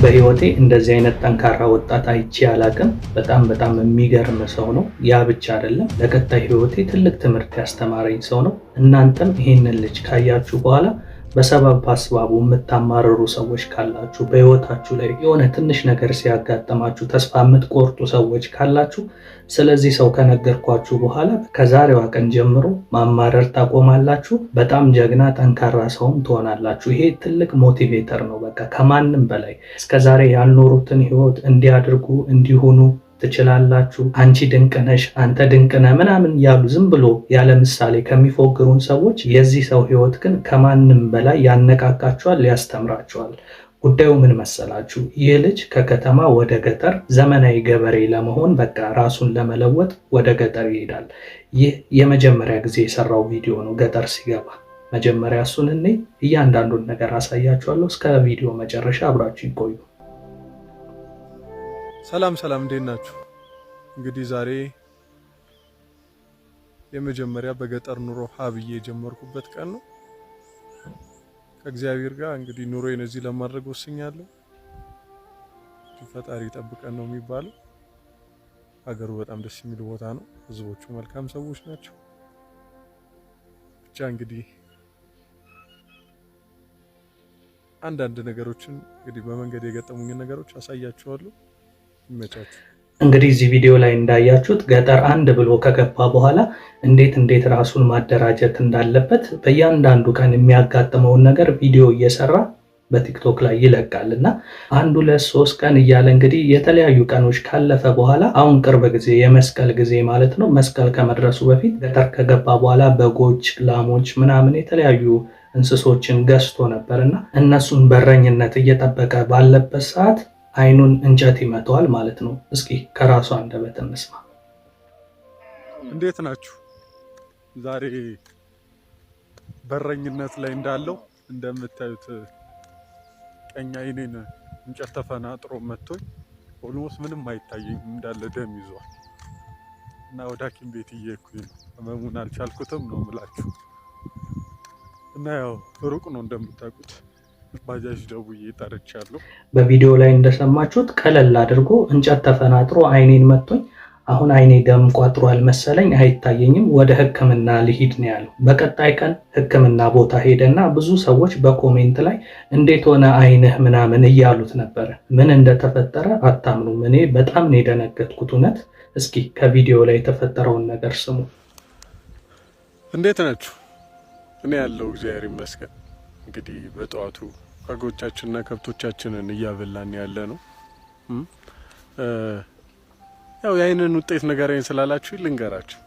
በህይወቴ እንደዚህ አይነት ጠንካራ ወጣት አይቼ አላቅም። በጣም በጣም የሚገርም ሰው ነው። ያ ብቻ አይደለም፣ ለቀጣይ ህይወቴ ትልቅ ትምህርት ያስተማረኝ ሰው ነው። እናንተም ይህንን ልጅ ካያችሁ በኋላ በሰበብ አስባቡ የምታማረሩ ሰዎች ካላችሁ፣ በህይወታችሁ ላይ የሆነ ትንሽ ነገር ሲያጋጥማችሁ ተስፋ የምትቆርጡ ሰዎች ካላችሁ፣ ስለዚህ ሰው ከነገርኳችሁ በኋላ ከዛሬዋ ቀን ጀምሮ ማማረር ታቆማላችሁ። በጣም ጀግና ጠንካራ ሰውም ትሆናላችሁ። ይሄ ትልቅ ሞቲቬተር ነው። በቃ ከማንም በላይ እስከዛሬ ያልኖሩትን ህይወት እንዲያድርጉ እንዲሆኑ ትችላላችሁ፣ አንቺ ድንቅ ነሽ፣ አንተ ድንቅ ነህ ምናምን ያሉ ዝም ብሎ ያለ ምሳሌ ከሚፎግሩን ሰዎች የዚህ ሰው ህይወት ግን ከማንም በላይ ያነቃቃችኋል፣ ያስተምራችኋል። ጉዳዩ ምን መሰላችሁ? ይህ ልጅ ከከተማ ወደ ገጠር ዘመናዊ ገበሬ ለመሆን በቃ ራሱን ለመለወጥ ወደ ገጠር ይሄዳል። ይህ የመጀመሪያ ጊዜ የሰራው ቪዲዮ ነው። ገጠር ሲገባ መጀመሪያ እሱን እኔ እያንዳንዱን ነገር አሳያችኋለሁ። እስከ ቪዲዮ መጨረሻ አብራችሁ ይቆዩ። ሰላም ሰላም፣ እንዴት ናችሁ? እንግዲህ ዛሬ የመጀመሪያ በገጠር ኑሮ ሀብዬ የጀመርኩበት ቀን ነው። ከእግዚአብሔር ጋር እንግዲህ ኑሮዬን እዚህ ለማድረግ ወስኛለሁ። ፈጣሪ ጠብቀን ነው የሚባለው። ሀገሩ በጣም ደስ የሚል ቦታ ነው። ህዝቦቹ መልካም ሰዎች ናቸው። ብቻ እንግዲህ አንዳንድ ነገሮችን እንግዲህ በመንገድ የገጠሙኝን ነገሮች አሳያችኋለሁ። እንግዲህ እዚህ ቪዲዮ ላይ እንዳያችሁት ገጠር አንድ ብሎ ከገባ በኋላ እንዴት እንዴት ራሱን ማደራጀት እንዳለበት በእያንዳንዱ ቀን የሚያጋጥመውን ነገር ቪዲዮ እየሰራ በቲክቶክ ላይ ይለቃል እና አንድ ሁለት ሶስት ቀን እያለ እንግዲህ የተለያዩ ቀኖች ካለፈ በኋላ አሁን ቅርብ ጊዜ የመስቀል ጊዜ ማለት ነው። መስቀል ከመድረሱ በፊት ገጠር ከገባ በኋላ በጎች፣ ላሞች ምናምን የተለያዩ እንስሶችን ገዝቶ ነበር እና እነሱን በረኝነት እየጠበቀ ባለበት ሰዓት አይኑን እንጨት ይመተዋል ማለት ነው። እስኪ ከራሱ አንደበት እንስማ። እንዴት ናችሁ? ዛሬ በረኝነት ላይ እንዳለው እንደምታዩት ቀኝ አይኔን እንጨት ተፈናጥሮ መቶኝ ኦልሞስት ምንም አይታየኝ እንዳለ ደም ይዟል እና ወደ ሐኪም ቤት እየሄድኩኝ ነው። ህመሙን አልቻልኩትም ነው ምላችሁ። እና ያው ሩቅ ነው እንደምታውቁት ባጃጅ ደውዬ ጠርቻለሁ። በቪዲዮ ላይ እንደሰማችሁት ቀለል አድርጎ እንጨት ተፈናጥሮ አይኔን መቶኝ፣ አሁን አይኔ ደም ቋጥሯል መሰለኝ አይታየኝም፣ ወደ ሕክምና ልሂድ ነው ያለው። በቀጣይ ቀን ሕክምና ቦታ ሄደና ብዙ ሰዎች በኮሜንት ላይ እንዴት ሆነ አይንህ ምናምን እያሉት ነበረ። ምን እንደተፈጠረ አታምኑም። እኔ በጣም ነው የደነገጥኩት እውነት። እስኪ ከቪዲዮ ላይ የተፈጠረውን ነገር ስሙ። እንዴት ናችሁ? እኔ ያለው እግዚአብሔር ይመስገን። እንግዲህ በጠዋቱ በጎቻችንና ከብቶቻችንን እያበላን ያለ ነው። ያው የአይንን ውጤት ንገረኝ ስላላችሁ ልንገራችሁ።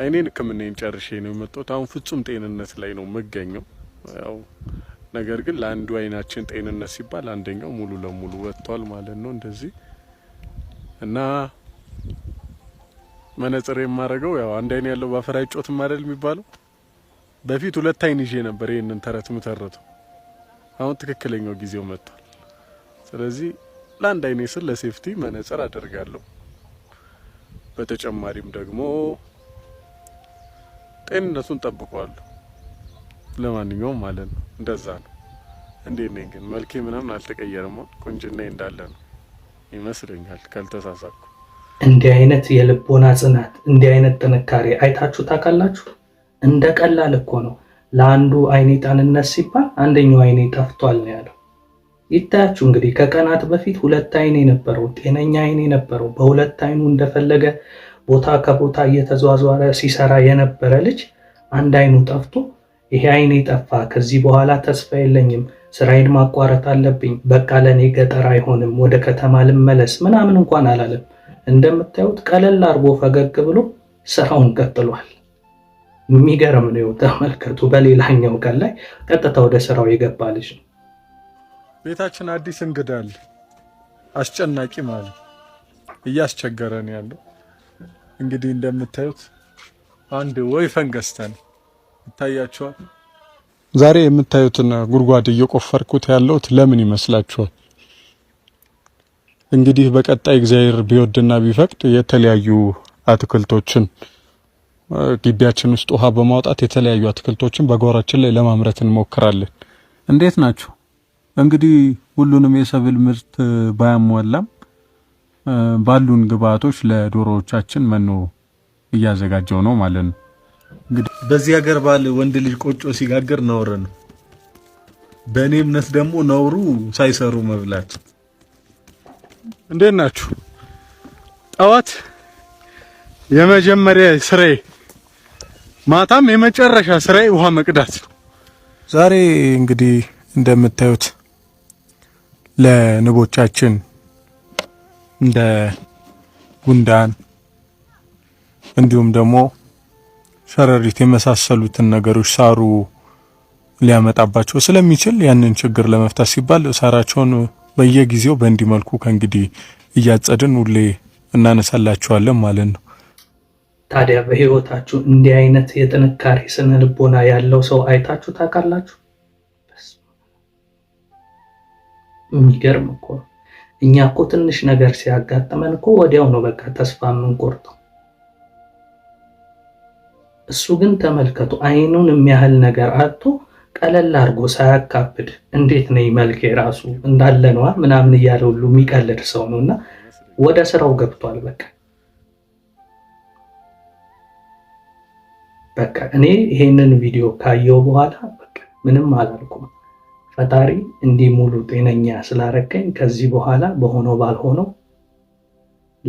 አይኔን ሕክምናዬን ጨርሼ ነው የመጣሁት። አሁን ፍጹም ጤንነት ላይ ነው የምገኘው። ያው ነገር ግን ለአንዱ አይናችን ጤንነት ሲባል አንደኛው ሙሉ ለሙሉ ወጥቷል ማለት ነው እንደዚህ እና መነጽር የማደርገው ያው አንድ አይን ያለው ባፈራ አይጮትም አይደል የሚባለው። በፊት ሁለት አይን ይዤ ነበር ይህንን ተረት ምተረተው አሁን ትክክለኛው ጊዜው መጥቷል። ስለዚህ ለአንድ አይኔ ስል ለሴፍቲ መነጽር አደርጋለሁ። በተጨማሪም ደግሞ ጤንነቱን ጠብቀዋለሁ። ለማንኛውም ማለት ነው እንደዛ ነው። እንዴት ነኝ ግን መልኬ ምናምን አልተቀየረም። ቁንጅና እንዳለ ነው ይመስለኛል ካልተሳሳኩ። እንዲህ አይነት የልቦና ጽናት፣ እንዲህ አይነት ጥንካሬ አይታችሁ ታውቃላችሁ? እንደ ቀላል እኮ ነው። ለአንዱ አይኔ ጣንነት ሲባል አንደኛው አይኔ ጠፍቷል ነው ያለው። ይታያችሁ እንግዲህ ከቀናት በፊት ሁለት አይን የነበረው ጤነኛ አይን የነበረው በሁለት አይኑ እንደፈለገ ቦታ ከቦታ እየተዟዟረ ሲሰራ የነበረ ልጅ አንድ አይኑ ጠፍቶ ይሄ አይኔ ጠፋ፣ ከዚህ በኋላ ተስፋ የለኝም፣ ስራዬን ማቋረጥ አለብኝ፣ በቃ ለእኔ ገጠር አይሆንም፣ ወደ ከተማ ልመለስ ምናምን እንኳን አላለም። እንደምታዩት ቀለል አርጎ ፈገግ ብሎ ስራውን ቀጥሏል። የሚገርም ነው። ተመልከቱ። በሌላኛው ቀን ላይ ቀጥታ ወደ ስራው የገባ ልጅ ነው። ቤታችን አዲስ እንግዳል አስጨናቂ ማለት እያስቸገረን ያለው እንግዲህ እንደምታዩት አንድ ወይፈን ገዝተን ይታያቸዋል። ዛሬ የምታዩትን ጉድጓድ እየቆፈርኩት ያለሁት ለምን ይመስላችኋል? እንግዲህ በቀጣይ እግዚአብሔር ቢወድና ቢፈቅድ የተለያዩ አትክልቶችን ግቢያችን ውስጥ ውሃ በማውጣት የተለያዩ አትክልቶችን በጓሯችን ላይ ለማምረት እንሞክራለን። እንዴት ናችሁ? እንግዲህ ሁሉንም የሰብል ምርት ባያሟላም ባሉን ግብአቶች ለዶሮዎቻችን መኖ እያዘጋጀው ነው ማለት ነው። እንግዲህ በዚህ ሀገር ባል ወንድ ልጅ ቆጮ ሲጋገር ነውር ነው። በእኔ እምነት ደግሞ ነውሩ ሳይሰሩ መብላት። እንዴት ናችሁ? ጠዋት የመጀመሪያ ስራዬ ማታም የመጨረሻ ስራዬ ውሃ መቅዳት ነው። ዛሬ እንግዲህ እንደምታዩት ለንቦቻችን እንደ ጉንዳን እንዲሁም ደግሞ ሸረሪት የመሳሰሉትን ነገሮች ሳሩ ሊያመጣባቸው ስለሚችል ያንን ችግር ለመፍታት ሲባል ሳራቸውን በየጊዜው በእንዲህ መልኩ ከእንግዲህ እያጸድን ሁሌ እናነሳላቸዋለን ማለት ነው። ታዲያ በህይወታችሁ እንዲህ አይነት የጥንካሬ ስነ ልቦና ያለው ሰው አይታችሁ ታውቃላችሁ? የሚገርም እኮ ነው። እኛ እኮ ትንሽ ነገር ሲያጋጥመን እኮ ወዲያው ነው በቃ ተስፋ የምንቆርጠው። እሱ ግን ተመልከቱ፣ አይኑን የሚያህል ነገር አጥቶ ቀለል አድርጎ ሳያካብድ እንዴት ነኝ መልክ የራሱ እንዳለ ነዋ ምናምን እያለ ሁሉ የሚቀልድ ሰው ነው እና ወደ ስራው ገብቷል በቃ በቃ እኔ ይሄንን ቪዲዮ ካየው በኋላ በቃ ምንም አላልኩም። ፈጣሪ እንዲህ ሙሉ ጤነኛ ስላረከኝ ከዚህ በኋላ በሆነው ባልሆነው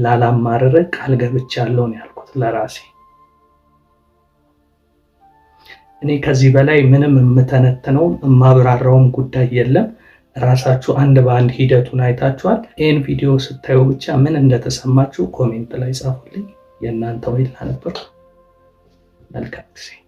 ላላማረረ ቃል ገብቻለሁ ነው ያልኩት ለራሴ። እኔ ከዚህ በላይ ምንም የምተነትነውም የማብራራውም ጉዳይ የለም። ራሳችሁ አንድ በአንድ ሂደቱን አይታችኋል። ይህን ቪዲዮ ስታዩ ብቻ ምን እንደተሰማችሁ ኮሜንት ላይ ጻፉልኝ። የእናንተ ወይላ ነበር። alcance.